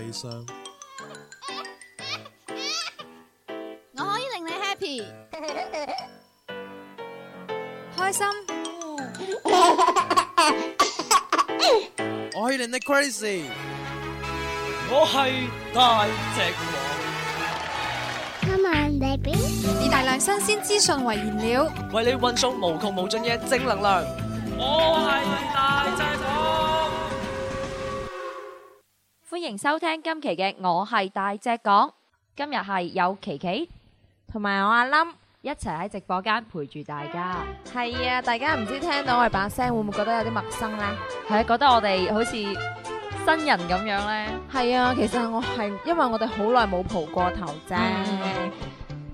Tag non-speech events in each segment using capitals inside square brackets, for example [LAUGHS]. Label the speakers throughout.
Speaker 1: 悲傷，
Speaker 2: 我可以令你 happy，開心，
Speaker 1: 我可以令你 crazy，我係大隻講。Come on baby，以大量新鮮資訊為燃料，為你運送無窮無盡嘅正能量。我
Speaker 2: 係大隻。
Speaker 1: 歡迎收聽今期嘅我係大隻講，今日係有琪琪同埋我阿冧，一齊喺直播間陪住大家。係啊，大家唔知聽到我哋把聲會唔會覺得有啲陌生呢？係啊，覺得我哋好似新人咁樣呢？係啊，其實我係因為我哋好耐冇蒲過頭啫。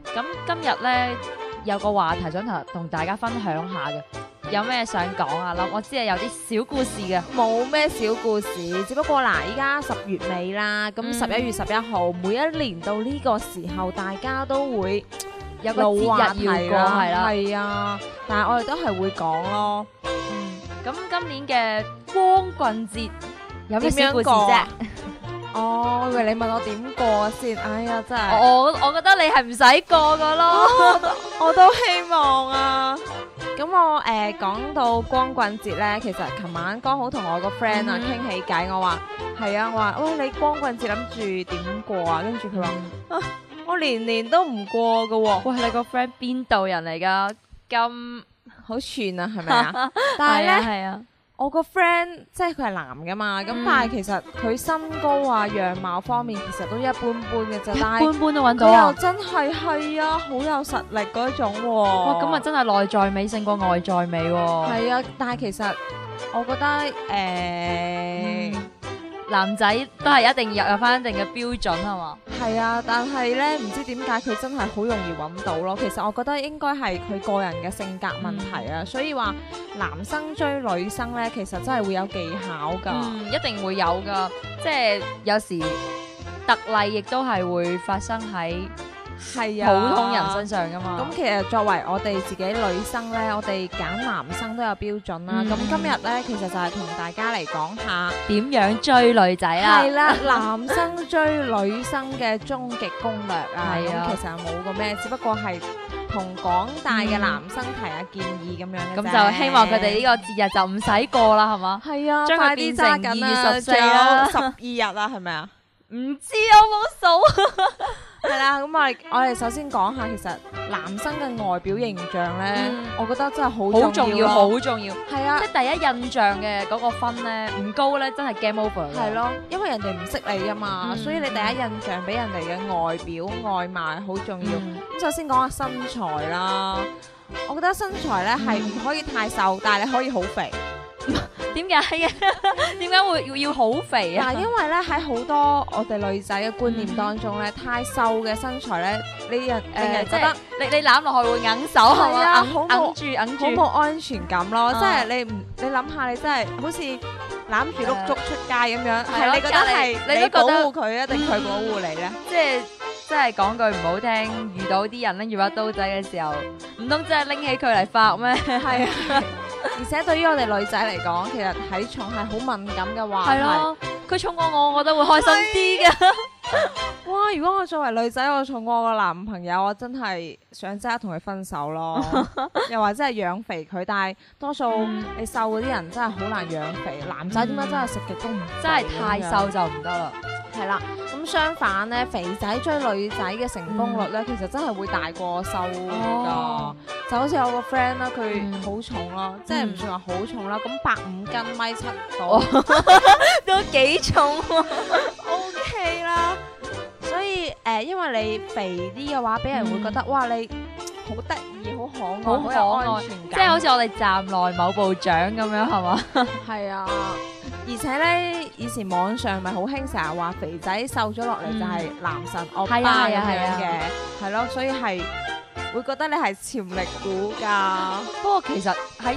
Speaker 1: 咁今日呢有個話題想同同大家分享下嘅。有咩想講啊？嗱我知係有啲小故事嘅，冇咩小故事，只不過嗱，依家十月尾啦，咁十一月十一號，嗯、每一年到呢個時候，大家都會有個節日要過係係了啊，但係我哋都係會講咯、啊。嗯，咁今年嘅光棍節有咩小故事啫？ [LAUGHS] 哦，你問我點過先？哎呀，真係，我我覺得你係唔使過噶咯， [LAUGHS] [LAUGHS] 我都希望啊。咁我誒、呃、講到光棍節咧，其實琴晚剛好同我個 friend 啊傾、嗯嗯、起偈，我話係啊，我話喂、哦、你光棍節諗住點過啊？跟住佢話我年年都唔過嘅喎、哦。哇！你個 friend 邊度人嚟㗎？咁好串啊，係咪啊？但係啊，係啊係啊。我個 friend 即係佢係男噶嘛，咁，嗯、但係其實佢身高啊樣貌方面其實都一般般嘅，就一般般都揾到。又真係係啊，啊，好有實力嗰種、啊。哇，咁啊真係內在美勝過外在美。係啊，嗯、但係其實我覺得誒，欸嗯、男仔都係一定要有返一定嘅標準，係嘛。係啊，但係咧，唔知點解佢真係好容易揾到咯。其實我覺得應該係佢個人嘅性格問題啊。嗯、所以話男生追女生呢，其實真係會有技巧噶、嗯，一定會有噶。即係有時特例亦都係會發生喺。係啊，普通人身上噶嘛。咁其實作為我哋自己女生咧，我哋揀男生都有標準啦。咁今日咧，其實就係同大家嚟講下點樣追女仔啊。係啦，男生追女生嘅終極攻略啊。咁其實冇個咩，只不過係同廣大嘅男生提下建議咁樣。咁就希望佢哋呢個節日就唔使過啦，係嘛？係啊，快啲揸緊啦！二十四日，十二日啦，係咪啊？唔知有冇數。係啦，咁我我哋首先講下，其實男生嘅外表形象咧，嗯、我覺得真係好重要，好重要，係啊，了即係第一印象嘅嗰個分咧，唔高咧，真係 game over。係咯了，因為人哋唔識你啊嘛，嗯、所以你第一印象俾人哋嘅外表、外貌好重要。咁、嗯、首先講下身材啦，我覺得身材咧係唔可以太瘦，但係你可以好肥。 [LAUGHS] 點解嘅？點解會要要好肥啊？嗱，因為咧喺好多我哋女仔嘅觀念當中咧，太瘦嘅身材咧，你人誒即係你你攬落去會揞手，係啊，揞住揞住，好冇安全感咯。即係你唔你諗下，你真係好似攬住碌竹出街咁樣，係你覺得係你都覺得護佢一定佢保護你咧？即係即係講句唔好聽，遇到啲人咧，要有刀仔嘅時候，唔通真係拎起佢嚟發咩？係啊。而且對於我哋女仔嚟講，其實體重係好敏感嘅話題。係咯的，佢重過我，我都會開心啲嘅的。 [LAUGHS] 哇！如果我作為女仔，我重過我個男朋友，我真係想即刻同佢分手咯。 [LAUGHS] 又或者係養肥佢，但係多數你瘦嗰啲人真係好難養肥。男仔點解真係食極都唔、嗯，真係太瘦就唔得啦。 [LAUGHS] 係啦，咁相反咧，肥仔追女仔嘅成功率咧，嗯、其實真係會大過瘦噶，哦、就好似我個 friend 啦，佢好重咯、啊，嗯、即係唔算話好重啦、啊，咁百五斤米七度都幾重、啊、 [LAUGHS] ，OK 啦。所以誒、呃，因為你肥啲嘅話，俾、嗯、人會覺得哇，你好得意，好可愛，好有安全感，即係好似我哋站內某部長咁樣，係嘛？係 [LAUGHS] 啊。而且咧，以前網上咪好興，成日話肥仔瘦咗落嚟就係男神惡霸咁樣嘅，係咯，所以係會覺得你係潛力股㗎。 [LAUGHS] 不過其實喺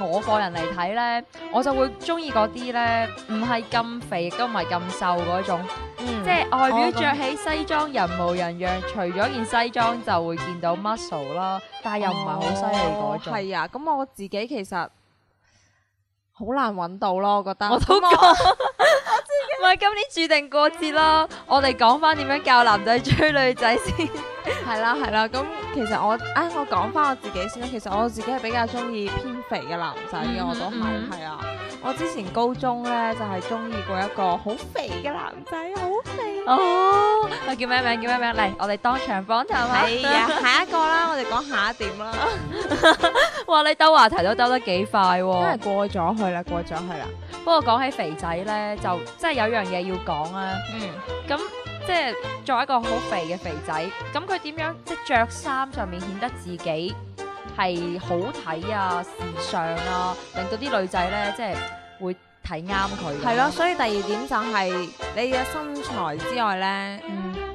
Speaker 1: 我個人嚟睇咧，我就會中意嗰啲咧，唔係咁肥，亦都唔係咁瘦嗰種，嗯、即係外表着起西裝，人模人樣，除咗件西裝就會見到 muscle 啦，但係又唔係好犀利嗰種。係、嗯哦、啊，咁我自己其實。好難揾到咯，我覺得我都講，我自己唔係今年注定過節啦。嗯、我哋講翻點樣教男仔追女仔先。 [LAUGHS] 係啦係啦，咁其實我誒、哎、我講翻我自己先啦，其實我自己係比較中意偏肥嘅男仔嘅，嗯、我都係係啊，我之前高中咧就係中意過一個好肥嘅男仔，好肥哦，佢叫咩名？叫咩名？嚟，我哋當場訪談係啊，哎、呀 [LAUGHS] 下一個啦，我哋講下一點啦。 [LAUGHS] 哇，你兜話題都兜得幾快喎、啊，真係過咗去啦，過咗去啦。過去不過講起肥仔咧，就即係有樣嘢要講啊，嗯，咁。即係作為一個好肥嘅肥仔，咁佢點樣即着衫上面顯得自己係好睇啊，時尚咯、啊，令到啲女仔咧即係會睇啱佢。係咯， [MUSIC] 所以第二點就係你嘅身材之外咧。 [MUSIC] 嗯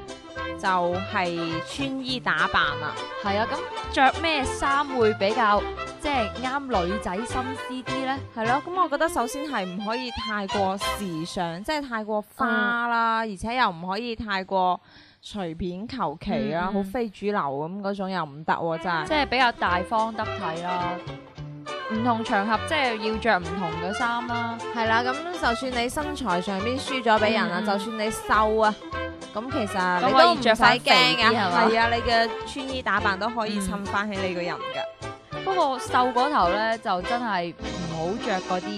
Speaker 1: 就係穿衣打扮啊，係啊，咁着咩衫會比較即係啱女仔心思啲呢？係咯、啊，咁我覺得首先係唔可以太過時尚，即、就、係、是、太過花啦，嗯、而且又唔可以太過隨便求其啊。好、嗯、非主流咁嗰種又唔得喎，真係。即係比較大方得體咯，唔同場合即係、就是、要着唔同嘅衫啦。係啦、嗯，咁、啊、就算你身材上面輸咗俾人啊，嗯、就算你瘦啊。咁其實你不可以着塊鏡噶，係吧啊，你嘅穿衣打扮都可以襯翻起你個人噶、嗯。不過瘦嗰頭咧，就真係唔好着嗰啲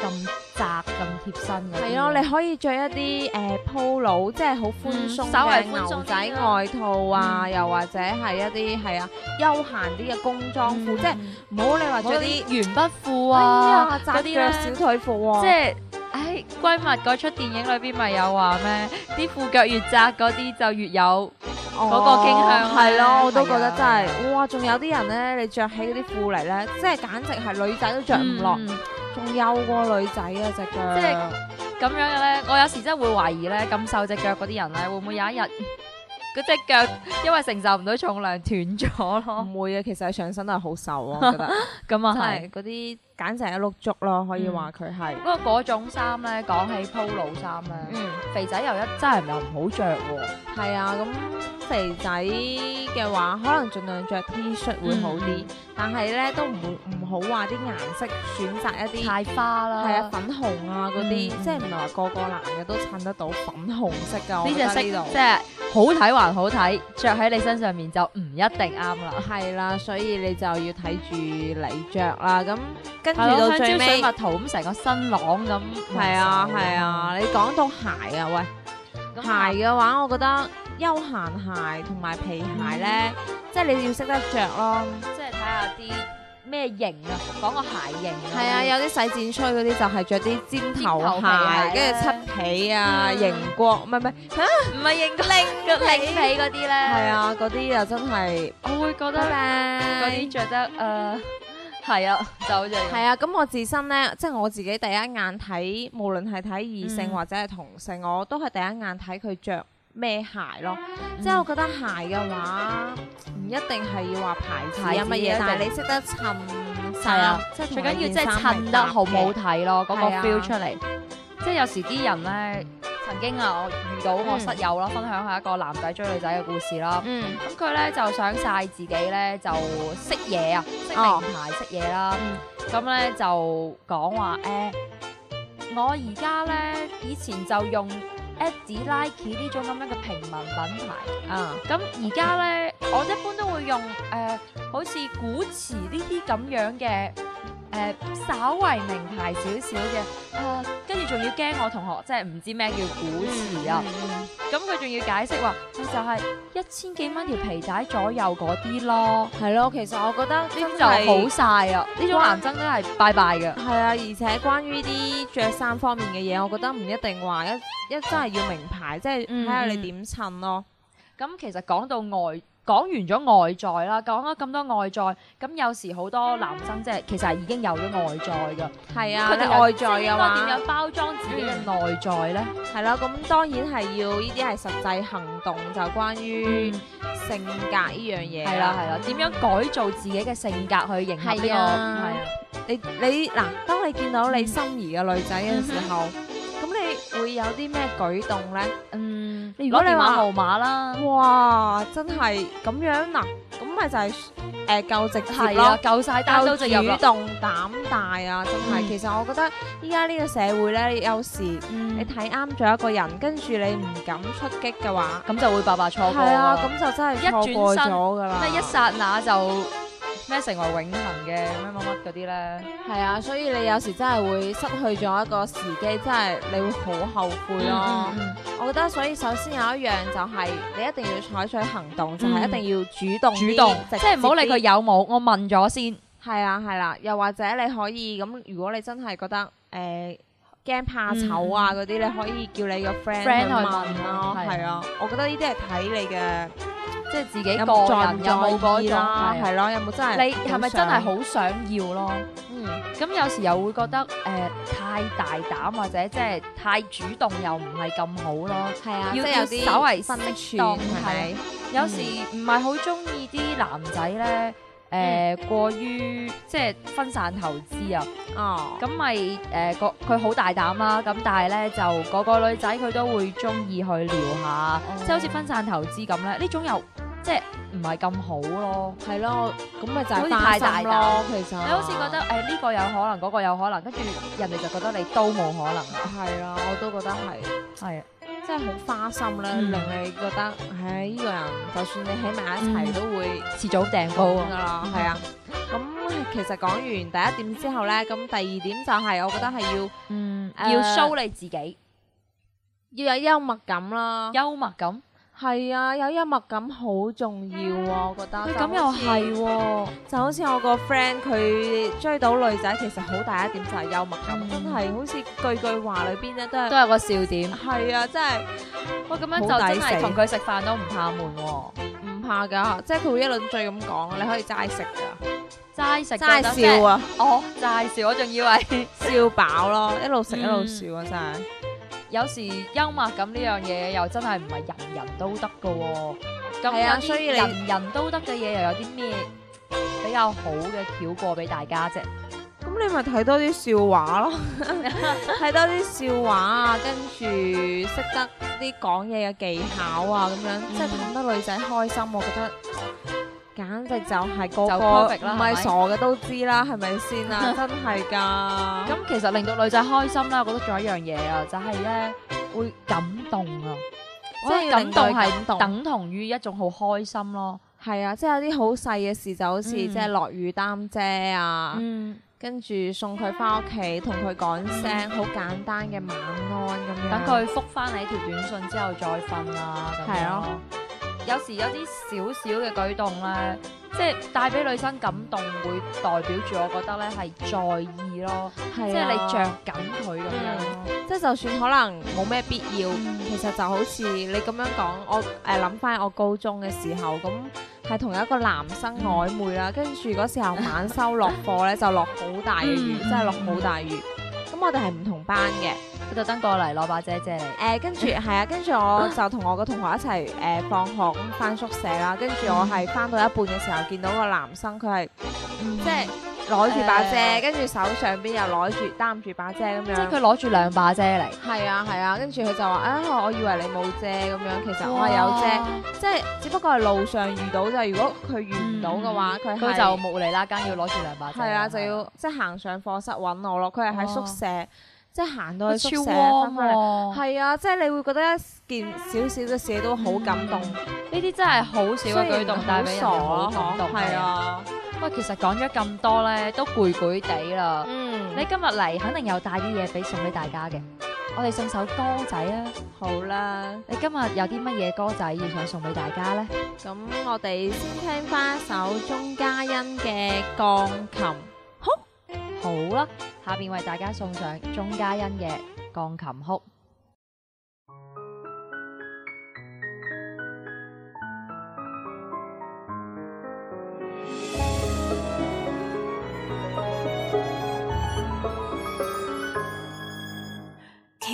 Speaker 1: 咁窄咁貼身嘅。係咯、啊，你可以着一啲誒、呃、Polo，即係好寬鬆嘅牛仔外套啊，嗯、又或者係一啲係啊休閒啲嘅工裝褲，嗯、即係唔好你話着啲鉛筆褲啊，窄啲咧，小腿褲啊、即係。哎，閨蜜嗰出電影裏邊咪有話咩？啲褲腳越窄嗰啲就越有嗰個傾向。係咯，我都覺得真係 [LAUGHS] 哇！仲有啲人咧，你着起嗰啲褲嚟咧，即係簡直係女仔都着唔落，仲、嗯、幼過女仔啊隻腳。即係咁樣嘅咧，我有時真係會懷疑咧，咁瘦隻腳嗰啲人咧，會唔會有一日嗰 [LAUGHS] 隻腳因為承受唔到重量斷咗咯？唔會啊，其實佢上身都係好瘦啊，我覺得 [LAUGHS] 倒是。咁啊係啲。 [LAUGHS] 揀成一碌竹咯，可以話佢係。不過嗰種衫咧，講起 POLO 衫咧，肥仔又一真係又唔好着喎。係啊，咁、啊、肥仔嘅話，可能盡量着 T 恤會好啲。嗯、但係咧，都唔會唔好話啲顏色選擇一啲太花啦。係啊，粉紅啊嗰啲，即係唔係話個個男嘅都襯得到粉紅色㗎？呢隻色即係好睇還好睇，着喺你身上面就唔一定啱啦。係啦，所以你就要睇住你着啦。咁跟住到最尾，水蜜桃，咁成個新郎咁。係啊，係啊。你講到鞋啊，喂，鞋嘅話，我覺得休閒鞋同埋皮鞋咧，即係你要識得着咯。即係睇下啲咩型啊，講個鞋型啊。係啊，有啲洗剪吹嗰啲就係着啲尖頭鞋，跟住漆皮啊、熒光，唔係唔係，嚇，唔係熒領領皮嗰啲咧。係啊，嗰啲又真係，我會覺得咧，嗰啲着得誒。係啊，就係。係啊，咁我自身咧，即係我自己第一眼睇，無論係睇異性、嗯、或者係同性，我都係第一眼睇佢着咩鞋咯。嗯、即係我覺得鞋嘅話，唔、嗯、一定係要話牌子有乜嘢，但係你識得襯晒啊，最緊要即係襯得好，好睇咯，嗰個 feel 出嚟。即係了有時啲人咧。曾經啊，我遇到我室友咯，嗯、分享下一個男仔追女仔嘅故事啦。咁佢咧就想晒自己咧就識嘢啊，識名牌識嘢啦。咁咧就講話誒，我而家咧以前就用 Adidas 呢種咁樣嘅平民品牌。啊、嗯，咁而家咧我一般都會用誒、呃，好似古馳呢啲咁樣嘅。誒、呃、稍為名牌少少嘅，啊，跟住仲要驚我同學，即係唔知咩叫古馳啊！咁佢仲要解釋話，就係一千幾蚊條皮帶左右嗰啲咯，係咯。其實我覺得呢種就好晒啊，呢種男裝都係拜拜嘅。係、嗯嗯、啊，而且關於啲着衫方面嘅嘢，我覺得唔一定話一一,一真係要名牌，即係睇下你點襯咯。咁、嗯嗯、其實講到外講完咗外在啦，講咗咁多外在，咁有時好多男生即係其實已經有咗外在噶，係啊，佢哋外在啊嘛，點樣包裝自己嘅內在咧？係啦、啊，咁當然係要呢啲係實際行動，就關於性格呢樣嘢係啦係啦，點、啊啊啊、樣改造自己嘅性格去迎合呢、呢個係啊，啊？你你嗱、啊，當你見到你心儀嘅女仔嘅時候。 [LAUGHS] 會有啲咩舉動咧？嗯，你如果你話電話號碼啦！哇，真係咁樣嗱、啊，咁咪就係誒夠直係咯，夠晒膽都主動膽大啊！真、就、係、是，嗯、其實我覺得依家呢個社會咧，有時、嗯、你睇啱咗一個人，跟住你唔敢出擊嘅話，咁、嗯、就會白白錯過，咁、啊、就真係一錯過咗噶啦，一剎那就。咩成為永恆嘅咩乜乜嗰啲咧？係 [NOISE] [NOISE] 啊，所以你有時真係會失去咗一個時機，真係你會好後悔咯。嗯嗯嗯、我覺得，所以首先有一樣就係你一定要採取行動，嗯、就係一定要主動主動，直接 即係唔好理佢有冇，嗯、我問咗先。係 [NOISE] 啊，係啦、啊。又或者你可以咁，如果你真係覺得誒，呃驚怕醜啊嗰啲咧，你可以叫你個 friend 去問咯。係啊，我覺得呢啲係睇你嘅，即係自己個人有冇意啦，係咯，有冇真係你係咪真係好想要咯？嗯，咁有時又會覺得誒太大膽或者即係太主動又唔係咁好咯。係啊，要要稍為分寸係。有時唔係好中意啲男仔咧。誒、呃嗯、過於即係分散投資啊！哦、就是，咁咪誒個佢好大膽啦、啊。咁但係咧就個個女仔佢都會中意去撩下，即係、嗯、好似分散投資咁咧。呢種又即係唔係咁好咯。係咯，咁咪就係分散咯。其實你好似覺得誒呢、欸呢個有可能，嗰、嗰個有可能，跟住人哋就覺得你都冇可能。係啊、嗯，我都覺得係係。對真係好花心啦，嗯、令你覺得，唉、哎，依、這個人就算你喺埋一齊，嗯、都會遲早掟煲噶啦，係啊。咁其實講完第一點之後咧，咁第二點就係、是，我覺得係要，嗯呃、要 show 你自己，要有幽默感啦，幽默感。係啊，有幽默感好重要啊！我覺得咁又係，就好似我個 friend 佢追到女仔，其實好大一點就係幽默感，嗯、真係好似句句話裏邊咧都係都有個笑點。係啊，真係我咁樣就真係同佢食飯都唔怕悶、啊，唔怕噶，即係佢會一輪嘴咁講，你可以齋食噶，齋食齋笑啊，哦，齋笑，我仲以為笑飽咯，一路食一路笑啊，嗯、真係。有時幽默感呢樣嘢又真係唔係人人都得㗎喎、哦，所以啲人人都得嘅嘢又有啲咩比較好嘅竅過俾大家啫？咁你咪睇多啲笑話咯，睇 [LAUGHS] 多啲笑話啊，跟住識得啲講嘢嘅技巧啊，咁樣、嗯、即係氹得女仔開心，我覺得。簡直就係個個唔係傻嘅都知啦，係咪先啊？真係㗎！咁 [LAUGHS] 其實令到女仔開心啦，我覺得仲有一樣嘢啊，就係、是、咧會感動啊，可即係感動係等同於一種好開心咯。係動啊，即係有啲好細嘅事，就好似、嗯、即係落雨擔遮啊，嗯、跟住送佢返屋企，同佢講聲好簡單嘅晚安咁樣，等佢覆返你條短信之後再瞓啊。係、就是、咯。有時有啲少少嘅舉動咧，即係帶俾女生感動，會代表住我覺得咧係在意咯，啊、即係你着緊佢咁樣。啊、即係就算可能冇咩必要，嗯、其實就好似你咁樣講，我誒諗翻我高中嘅時候，咁係同一個男生曖昧啦，跟住嗰時候晚修落課咧 [LAUGHS] 就落好大嘅雨，嗯、真係落好大雨。咁我哋係唔同班嘅，佢特登過嚟攞把遮遮你。誒、呃，跟住係 [LAUGHS] 啊，跟住我就同我個同學一齊誒、呃、放學咁返宿舍啦。跟住我係返到一半嘅時候，見到個男生，佢係即係。 [LAUGHS] 就是攞住把遮，跟住手上邊又攞住擔住把遮咁樣，即係佢攞住兩把遮嚟。係啊係啊，跟住佢就話：啊，我以為你冇遮咁樣，其實我係有遮，即係只不過係路上遇到就係。如果佢遇唔到嘅話，佢佢就無理啦，梗要攞住兩把遮。係啊，就要即係行上課室揾我咯。佢係喺宿舍，即係行到去宿舍翻返嚟。係啊，即係你會覺得一件少少嘅事都好感動。呢啲真係好少嘅舉動帶俾人好感動，啊。喂，其實講咗咁多咧，都攰攰地啦。嗯，你今日嚟肯定又帶啲嘢俾送俾大家嘅。我哋送首歌仔啊，好啦。你今日有啲乜嘢歌仔要想送俾大家呢？咁我哋先聽翻一首鍾嘉欣嘅鋼琴曲，好啦，下邊為大家送上鍾嘉欣嘅鋼琴曲。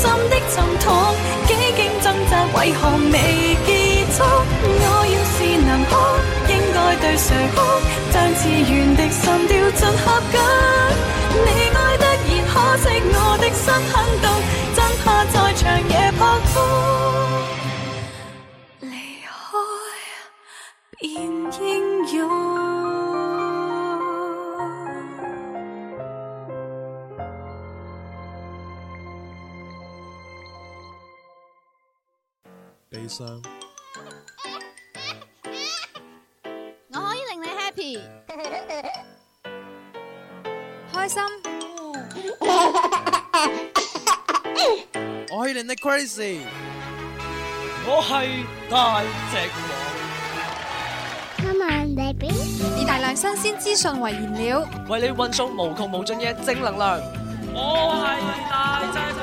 Speaker 2: 心的沉痛，幾經掙扎，為何未結束？我要是能哭，應該對誰哭？將自願的心丟進盒中，你愛得熱，可惜我的心很凍，真怕在長夜哭。我可以令你 happy，
Speaker 1: 開心。我可以令你 crazy，我係大隻講。以大量新鮮資訊為燃料，為你運送無窮無盡嘅正能量。
Speaker 2: 我係大隻。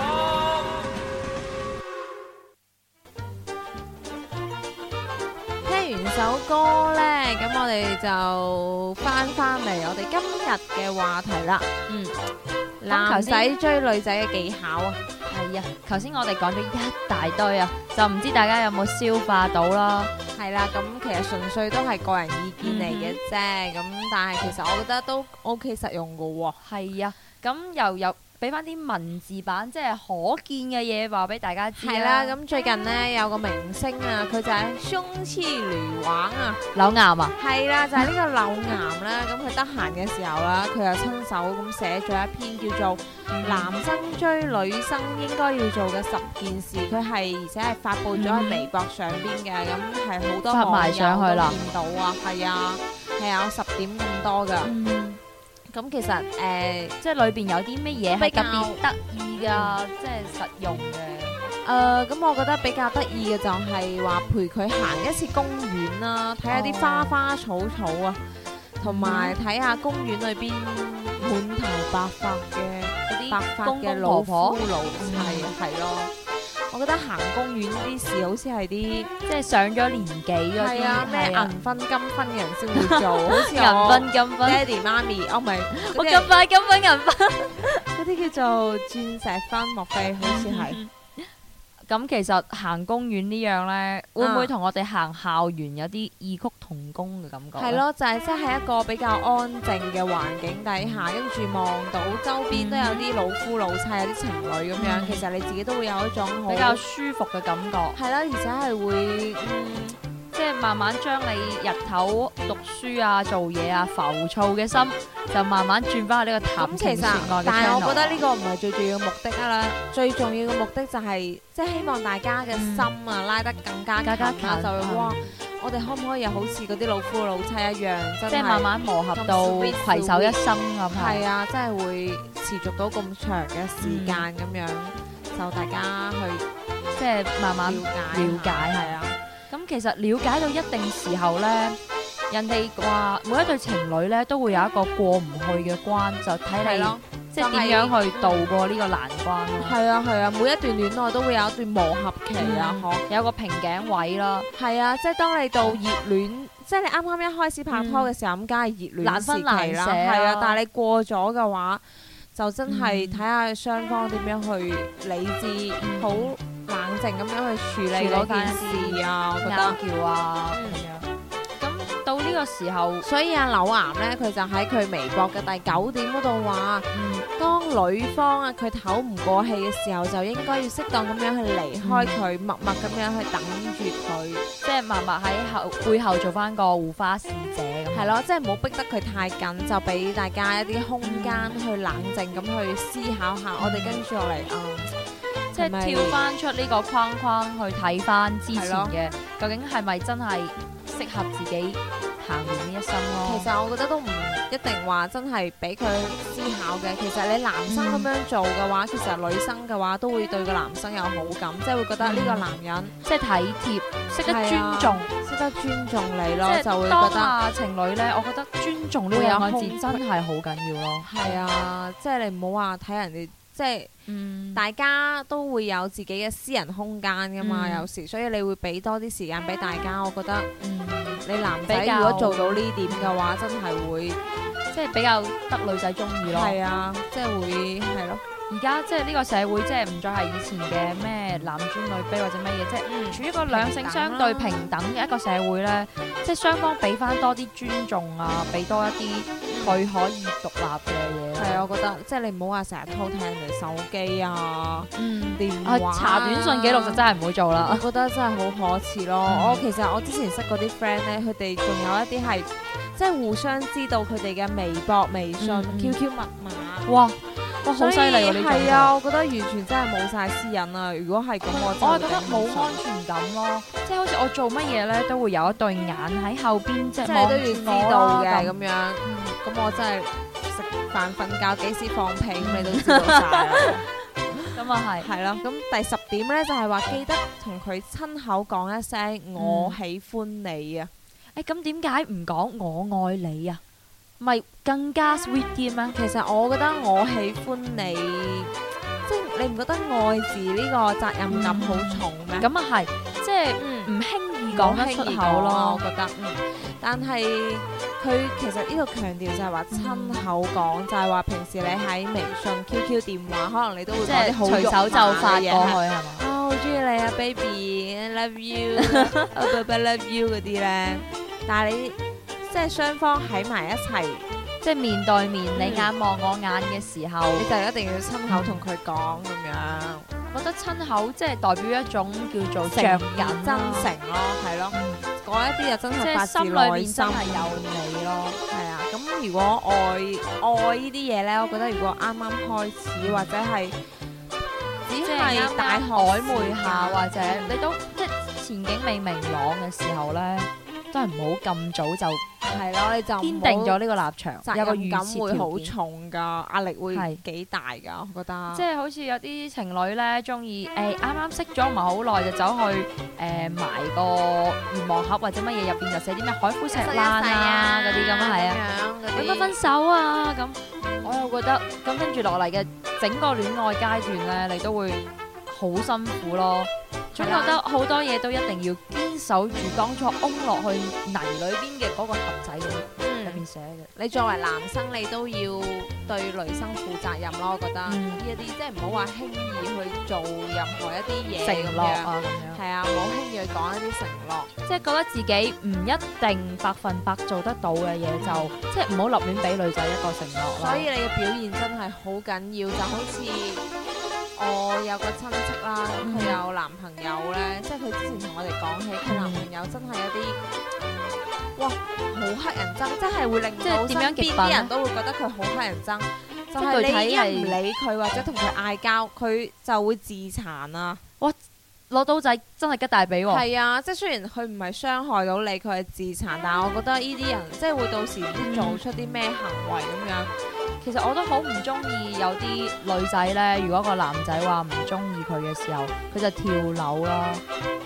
Speaker 1: 歌呢，咁我哋就翻翻嚟我哋今日嘅話題啦。嗯，男仔子追女仔嘅技巧啊，係啊，頭先我哋講咗一大堆啊，就唔知大家有冇消化到啦。係啦、啊，咁其實純粹都係個人意見嚟嘅啫，咁、嗯、哼但係其實我覺得都 OK 實用噶喎。係啊，咁、啊、又有。俾翻啲文字版，即係可見嘅嘢，話俾大家知。係啦、啊，咁最近呢，有個明星、就是、啊，佢就係雙翅聯網啊，柳岩啊。係啦、啊，就係、是、呢個柳岩啦。咁佢得閒嘅時候啦，佢又親手咁寫咗一篇叫做《男生追女生應該要做嘅十件事》，佢係而且係發佈咗喺微博上邊嘅，咁係好多網友都見到啊，係啊，係啊，啊，十點咁多㗎。嗯咁、嗯、其實誒、呃，即係裏邊有啲咩嘢係特別得意噶，嗯、即係實用嘅。誒、呃，咁、嗯、我覺得比較得意嘅就係話陪佢行一次公園啦、啊，睇下啲花花草草啊，同埋睇下公園裏邊滿頭白髮嘅、嗯、白髮嘅老婆婆公公婆婆老婆婆，係、嗯、咯。我覺得行公園啲事好似係啲即係上咗年紀嗰啲，咩銀婚金婚嘅人先會做 [LAUGHS] 好似我銀婚金婚爹哋媽咪，oh, 我唔係我咁快金婚銀婚嗰啲叫做鑽石婚，莫非好似係？嗯嗯咁其實行公園呢樣呢，啊、會唔會同我哋行校園有啲異曲同工嘅感覺？係咯，就係即係一個比較安靜嘅環境底下，跟住望到周邊都有啲老夫老妻、嗯、有啲情侶咁樣，嗯、其實你自己都會有一種比較舒服嘅感覺。係啦，而且係會嗯。即係慢慢將你日頭讀書啊、做嘢啊浮躁嘅心，就慢慢轉翻去呢個談情說愛嘅 channel。咁其實，但係我覺得呢個唔係最重要目的噶啦，最重要嘅目的就係即係希望大家嘅心啊拉得更加近，就哇，我哋可唔可以又好似嗰啲老夫老妻一樣，即係慢慢磨合到携手一生咁。係啊，即係會持續到咁長嘅時間咁樣，就大家去即係慢慢了解，係啊。咁其實了解到一定時候咧，人哋話每一對情侶咧都會有一個過唔去嘅關，就睇你即係點樣去度過呢個難關。係啊係啊，每一段戀愛都會有一段磨合期啊，嚇有個瓶頸位咯。係啊，即係當你到熱戀，即係你啱啱一開始拍拖嘅時候咁，梗係熱戀時期啦，難分難捨。係啊，但係你過咗嘅話，就真係睇下雙方點樣去理智好。冷靜咁樣去處理嗰件事啊，我覺得叫啊咁。到呢個時候，所以阿柳岩呢，佢就喺佢微博嘅第九點嗰度話：當女方啊，佢唞唔過氣嘅時候，就應該要適當咁樣去離開佢，默默咁樣去等住佢，即係默默喺後背後做翻個護花使者咁。係咯，即係唔好逼得佢太緊，就俾大家一啲空間去冷靜咁去思考下。我哋跟住落嚟啊。即係跳翻出呢個框框去睇翻之前嘅，的究竟係咪真係適合自己行完呢一生咯？其實我覺得都唔一定話真係俾佢思考嘅。其實你男生咁樣做嘅話，嗯、其實女生嘅話都會對個男生有好感，即、就、係、是、會覺得呢個男人即係體貼，識得尊重，識得尊重你咯，是就會覺得當下情侶呢，我覺得尊重呢個字真係好緊要咯。係啊、嗯，即係、就是、你唔好話睇人哋。即係大家都會有自己嘅私人空間㗎嘛，嗯、有時所以你會俾多啲時間俾大家，我覺得你男仔如果做到呢點嘅話，真係會。即係比較得女仔中意咯，係啊，即係會係咯。而家、啊、即係呢個社會，即係唔再係以前嘅咩男尊女卑或者乜嘢，即係處於個兩性相對平等嘅一個社會咧。等即係雙方俾翻多啲尊重啊，俾多一啲佢可以獨立嘅嘢、嗯。係啊，我覺得即係你唔好話成日偷睇人哋手機啊，嗯，電話、啊啊、查短信記錄就真係唔會做啦、啊。我覺得真係好可恥咯。我、嗯、其實我之前識嗰啲 friend 咧，佢哋仲有一啲係。即係互相知道佢哋嘅微博、微信、QQ 密碼。哇哇，好犀利喎！呢種係啊，我覺得完全真係冇晒私隱啊！如果係咁，我我係覺得冇安全感咯。即係好似我做乜嘢咧，都會有一對眼喺後邊，即係都要知道嘅咁樣。咁我真係食飯瞓覺幾時放屁，你都知道晒。咁啊係。係咯。咁第十點咧，就係話記得同佢親口講一聲，我喜歡你啊！咁點解唔講我愛你啊？咪更加 sweet 啲咩？其實我覺得我喜歡你，即係你唔覺得愛字呢個責任感好重咩？咁啊係，即係是唔、嗯、輕易講得出口咯。我覺得，嗯、但係佢其實呢個強調就係話親口講，嗯、就係話平時你喺微信、QQ、電話，可能你都會即係隨手就發過去係嘛？啊，好中意你啊，baby，love you baby、I、love you 嗰啲咧。但係你雙即係雙方喺埋一齊，即係面對面，嗯、你眼望我眼嘅時候，嗯、你就一定要親口同佢講咁樣。覺得親口即係代表一種叫做信任、真誠咯，係咯。嗰、嗯、一啲又真係發自內心。心裏面真係有你咯，係、嗯、啊。咁如果愛愛呢啲嘢咧，我覺得如果啱啱開始或者係只係大曖昧下，或者你都即係前景未明朗嘅時候咧。都係唔好咁早就，係咯，你就堅定咗呢個立場，有個預感會好重噶， [MUSIC] 壓力會幾大噶，是我覺得。即係好似有啲情侶咧，中意誒啱啱識咗唔係好耐就走去誒、欸、埋個願望盒或者乜嘢入邊，就寫啲咩海枯石爛啊嗰啲咁啊，係啊，咁分手啊咁，我又覺得咁跟住落嚟嘅整個戀愛階段咧，你都會好辛苦咯。總覺得好多嘢都一定要堅守住，當初安落去泥裏邊嘅嗰個盒仔入邊寫嘅的。你作為男生，你都要對女生負責任咯。我覺得呢一啲即係唔好話輕易去做任何一啲嘢咁樣，係啊諾，唔好的輕易去講一啲承諾。即係的覺得自己唔一定百分百做得到嘅嘢，就即係唔好立亂俾女仔一個承諾。所以你嘅表現真係好緊要，就好似。我有個親戚啦，佢、嗯、有男朋友咧，嗯、即係佢之前同我哋講起佢、嗯、男朋友真係有啲，哇，好乞哇人憎，真係會令到身邊啲人都會覺得佢好乞人憎。就係你睇人唔理佢或者同佢嗌交，佢就會自殘啊！哇，攞刀仔。真係吉大髀喎、哦！係 [NOISE] 啊，即係雖然佢唔係傷害到你，佢係自殘，但係我覺得呢啲人即係會到時唔知做出啲咩行為咁樣。嗯，其實我都好唔中意有啲女仔呢。如果個男仔話唔中意佢嘅時候，佢就跳樓啦、啊。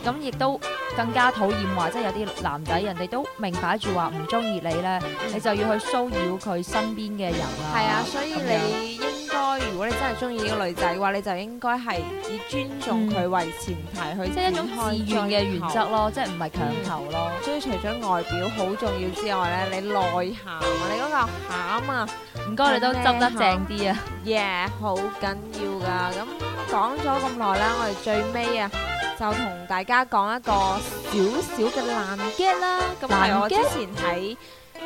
Speaker 1: 咁亦都更加討厭話，即、就、係、是、有啲男仔人哋都明擺住話唔中意你呢，你就要去騷擾佢身邊嘅人啦。係啊，嗯、 [NOISE] 所以你應該如果你真係中意呢個女仔嘅話，你就應該係以尊重佢為前提去。嗯自願嘅原則咯，即係唔係強求咯。所以、嗯、除咗外表好重要之外咧，你內涵啊，你嗰個餡啊，唔該你都執得正啲啊。耶， [NOISE] yeah，好緊要噶。咁講咗咁耐啦，我哋最尾啊，就同大家講一個小小嘅爛 gag 啦。咁係頸我之前喺誒、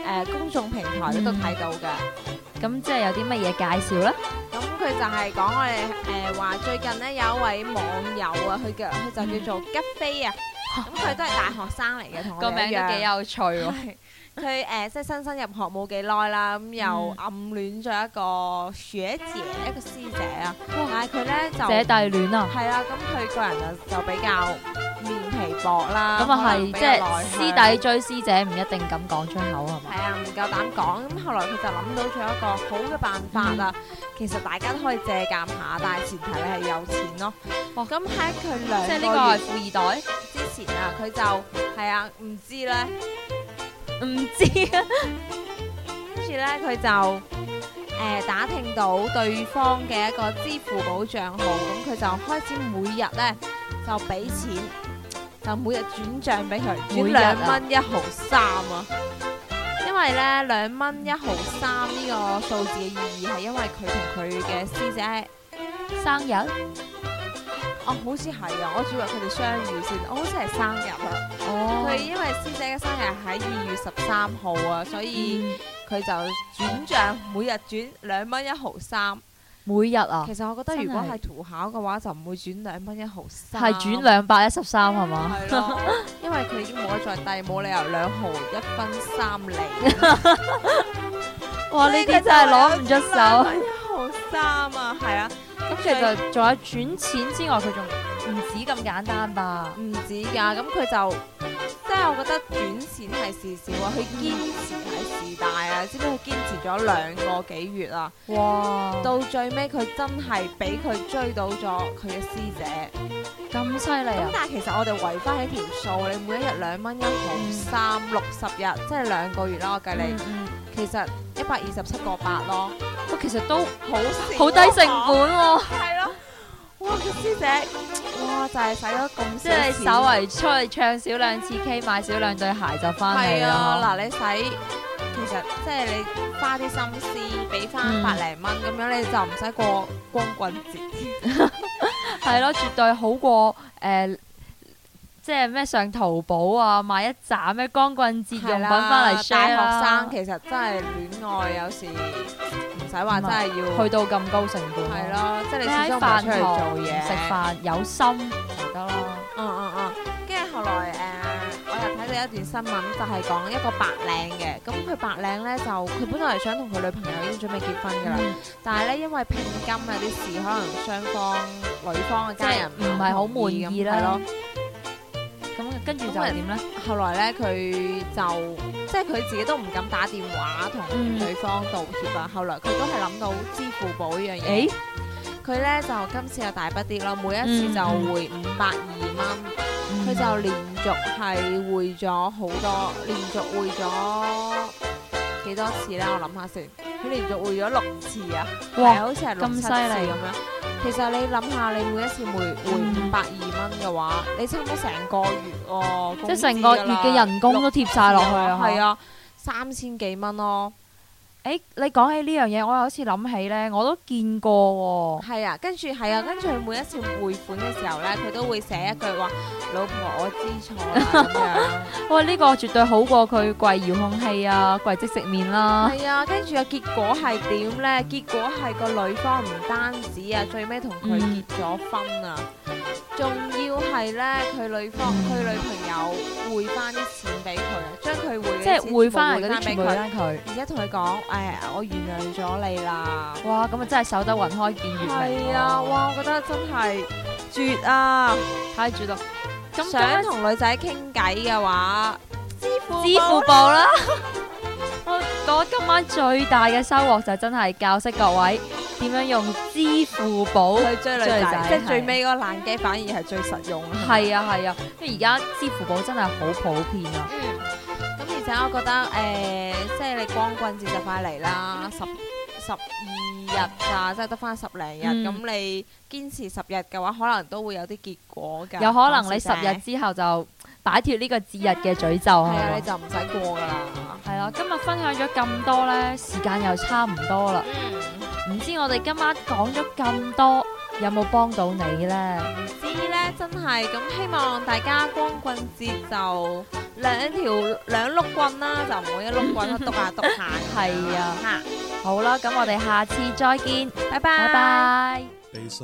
Speaker 1: 呃、公眾平台咧都睇到嘅。嗯咁即係有啲乜嘢介紹咧？咁佢就係講我哋誒話最近咧，有一位網友啊，佢叫佢就叫做吉飛啊，咁佢都係大學生嚟嘅，同 [LAUGHS] 我一樣，個 [LAUGHS] 名都幾有趣喎。 [LAUGHS] [LAUGHS] 佢誒即係新生入學冇幾耐啦，咁又暗戀咗一個學姐，一個師姐啊，但係佢咧就姐弟戀啊，係啦，咁佢個人就比較面皮薄啦，咁啊係即係師弟追師姐唔一定敢講出口係嘛？係啊，唔夠膽講。咁後來佢就諗到咗一個好嘅辦法啊，其實大家都可以借鑑下，但係前提咧係有錢咯。哦，咁喺佢兩，即係呢個係富二代之前啊，佢就係啊，唔知咧。唔不知 [LAUGHS] 呢，跟住咧佢就誒、呃、打聽到對方嘅一個支付寶賬號，咁佢就開始每日咧就俾錢，就每日轉帳俾佢，啊、轉兩蚊一毫三啊！因為咧兩蚊一毫三呢個數字嘅意義係因為佢同佢嘅師姐生日。哦，好似係啊！我主要佢哋相遇先，我好似係生日啊！佢、哦、因為師姐嘅生日喺二月十三號啊，所以佢就轉賬每日轉兩蚊一毫三，每日啊！其實我覺得如果係土豪嘅話就唔會轉兩蚊一毫三，係轉兩百一十三係嘛？係咯， [LAUGHS] 因為佢已經冇得再低，冇理由兩毫一分三厘。 [LAUGHS] [LAUGHS] 哇！呢啲真係攞唔出手。 [LAUGHS] 好三啊，係啊，咁其實仲有轉錢之外，佢仲唔止咁簡單吧？唔止㗎，咁佢就即係我覺得轉錢係事小啊，佢堅持喺事大啊，知唔知？佢堅持咗兩個幾月啊。哇！到最尾，佢真係俾佢追到咗佢嘅師姐，咁犀利啊！但係其實我哋圍翻起條數，你每一日兩蚊一毫三，六十日即係兩個月啦、啊，我計你，嗯嗯、其實一百二十七個八咯。其實都好好低成本喎，係咯，哇！個師姐，哇，就係使咗咁少錢，即係稍為出去唱少兩次 K，買少兩對鞋就翻嚟啦。嗱的吧、啊，你使其實即係、就是、你花啲心思，俾翻百零蚊咁樣，你就唔使過光棍節，係咯， [LAUGHS] 絕對好過誒。呃即係咩上淘寶啊，買一盞咩光棍節用品翻嚟 share< 啦>，大學生其實真係戀愛有時唔使話真係要是去到咁高成本、啊。係咯啦，即係你始終唔出去做嘢，食飯有心就得咯、嗯。嗯嗯嗯，跟、嗯、住後,後來誒、呃，我又睇到一段新聞，就係講一個白領嘅，咁佢白領咧就佢本來係想同佢女朋友已經準備結婚噶啦，嗯、但係咧因為聘金啊啲事，可能雙方女方嘅家人唔係好滿意啦。嗯嗯跟住就點咧？呢後來咧，佢就即係佢自己都唔敢打電話同對方道歉啊。嗯、後來佢都係諗到支付寶樣、欸、呢樣嘢，佢咧就今次又大筆啲咯。每一次就匯五百二蚊，佢、嗯嗯、就連續係匯咗好多，嗯、連續匯咗幾多次咧？我諗下先，佢連續匯咗六次啊！喂哇，好似係咁犀利噉樣。其實你諗下，你每一次回回五百二蚊嘅話，你差唔多成個月、哦、即係成個月嘅人工都貼晒落去啊，係啊，嗎三千幾蚊咯。誒、欸，你講起呢樣嘢，我有次諗起咧，我都見過喎。係啊，跟住係啊，跟住佢每一次匯款嘅時候咧，佢都會寫一句話：老婆，我知錯。咁樣， [LAUGHS] 哇！呢、呢個絕對好過佢跪遙控器啊，跪即食麵啦。係啊，跟住嘅結果係點咧？結果係個女方唔單止啊，最尾同佢結咗婚啊，仲、嗯。都係咧，佢女方，佢女朋友匯翻啲錢俾佢，將佢匯嘅錢匯翻俾佢，而且同佢講誒，我原諒咗你啦。哇，咁啊真係守得雲開見月明。係啊，哇，我覺得真係絕啊，太絕啦！咁想同女仔傾偈嘅話，支付寶啦。我今晚最大嘅收穫就是真係教識各位點樣用支付寶去追女追仔，是即係最尾嗰個冷機反而係最實用。係啊係啊，即係而家支付寶真係好普遍啊。咁、嗯嗯、而且我覺得誒，即、呃、係、就是、你光棍節就快嚟啦，十十二日啊，即係得翻十零日，咁、嗯、你堅持十日嘅話，可能都會有啲結果噶。有可能你十日之後就。擺脫呢個節日嘅詛咒係嘛？係啊，就唔使過㗎喇。係啦、啊，今日分享咗咁多咧，時間又差唔多啦。嗯。唔知我哋今晚講咗咁多，有冇幫到你咧？唔知咧，真係咁希望大家光棍節就兩條兩碌棍啦，就唔好一碌棍篤下篤下。係啊。嚇、嗯！好啦、啊，咁我哋下次再見。拜拜。拜拜。悲傷。